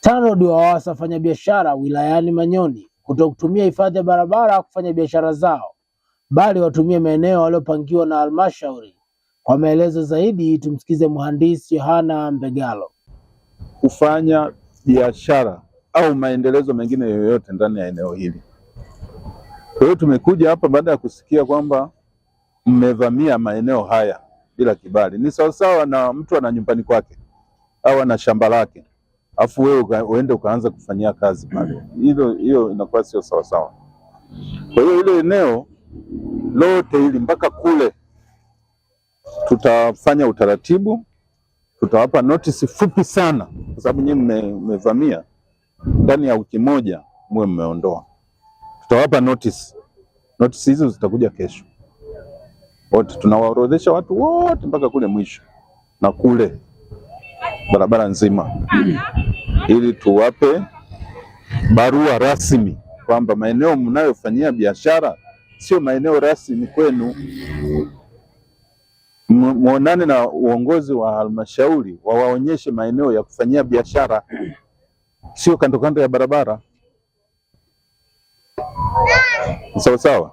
TANROADS wawaasa wafanyabiashara wilayani Manyoni kutokutumia hifadhi ya barabara kufanya biashara zao, bali watumie maeneo waliopangiwa na halmashauri. Kwa maelezo zaidi, tumsikize mhandisi Yohana Mbegalo. Kufanya biashara au maendelezo mengine yoyote ndani ya eneo hili. Kwa hiyo tumekuja hapa baada ya kusikia kwamba mmevamia maeneo haya bila kibali. Ni sawasawa na mtu ana nyumbani kwake au ana shamba lake afu wewe uende ukaanza kufanyia kazi pale, hilo hiyo inakuwa sio sawasawa. Kwa hiyo ile eneo lote hili mpaka kule tutafanya utaratibu, tutawapa notisi fupi sana, kwa sababu nyinyi mmevamia, ndani ya wiki moja muwe mmeondoa. Tutawapa notisi, notisi hizo zitakuja kesho wote, tunawaorodhesha watu wote mpaka kule mwisho na kule barabara nzima ili tuwape barua rasmi kwamba maeneo mnayofanyia biashara sio maeneo rasmi kwenu. Muonane na uongozi wa halmashauri wawaonyeshe maeneo ya kufanyia biashara, sio kando kando ya barabara. Sawa sawa.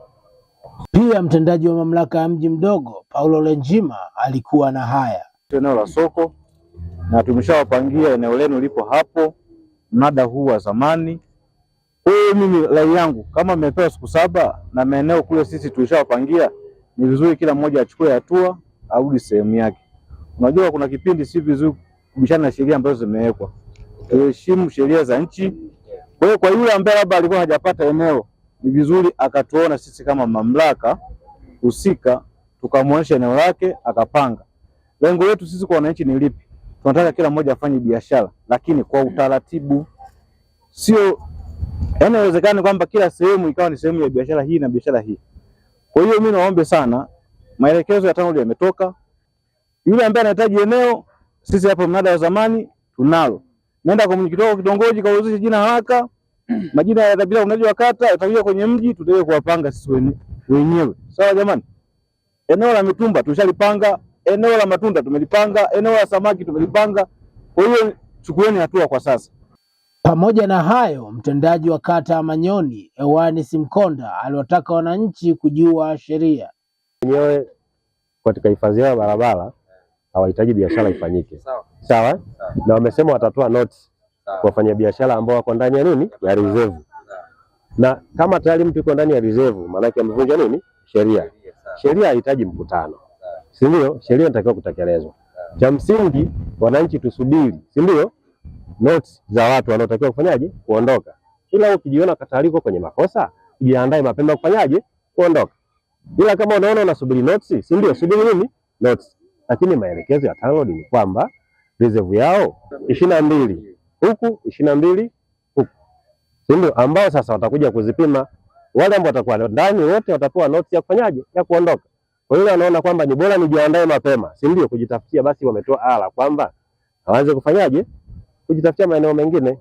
Pia mtendaji wa mamlaka ya mji mdogo Paulo Lenjima alikuwa na haya eneo la soko na tumeshawapangia eneo lenu lipo hapo, mnada huu wa zamani. huyu. mimi rai yangu kama mmepewa siku saba na maeneo kule sisi tulishawapangia, ni vizuri kila mmoja achukue hatua arudi sehemu yake. Unajua kuna kipindi si vizuri kubishana na sheria ambazo zimewekwa, tuheshimu sheria za nchi. Kwa hiyo kwa yule ambaye labda alikuwa hajapata eneo, ni vizuri akatuona sisi kama mamlaka husika, tukamwonyesha eneo lake akapanga. Lengo letu sisi kwa wananchi ni lipi? tunataka kila mmoja afanye biashara, lakini kwa utaratibu. Sio yani, inawezekana kwamba kila sehemu ikawa ni sehemu ya biashara hii na biashara hii. Kwa hiyo mimi naombe sana, maelekezo ya TANROADS yametoka. Yule ambaye anahitaji eneo, sisi hapo mnada wa zamani tunalo, nenda kwa mwenyekiti wako kitongoji, kauzishe jina haraka, majina ya kabila unajua, kata utakuja kwenye mji, tutaweza kuwapanga sisi wenyewe. Sawa jamani, eneo la mitumba tushalipanga eneo la matunda tumelipanga, eneo la samaki tumelipanga. Kwa hiyo chukueni hatua kwa sasa. Pamoja na hayo, mtendaji wa kata ya Manyoni Ewani Simkonda aliwataka wananchi kujua sheria wenyewe katika hifadhi yao ya barabara hawahitaji biashara ifanyike sawa, na wamesema watatoa noti kwa wafanyabiashara ambao wako ndani ya nini ya reserve, na kama tayari mtu yuko ndani ya reserve, maanake amevunja nini sheria. Sheria haihitaji mkutano si ndio? Sheria inatakiwa kutekelezwa. Cha msingi wananchi tusubiri, si ndio? notes za watu wanaotakiwa kufanyaje? Kuondoka. Ila ukijiona kataliko kwenye makosa, jiandae mapema kufanyaje? Kuondoka. Ila kama unaona unasubiri notes, si ndio? Subiri nini? Notes. Lakini maelekezo ya TANROADS ni kwamba reserve yao ishirini na mbili huku ishirini na mbili huku, si ndio? Ambao sasa watakuja kuzipima wale ambao watakuwa ndani wote watapewa notes ya kufanyaje? Ya kuondoka. Kwa hiyo anaona kwamba ni bora nijiandae mapema, si ndio? Kujitafutia basi, wametoa ala kwamba awanze kufanyaje, kujitafutia maeneo mengine.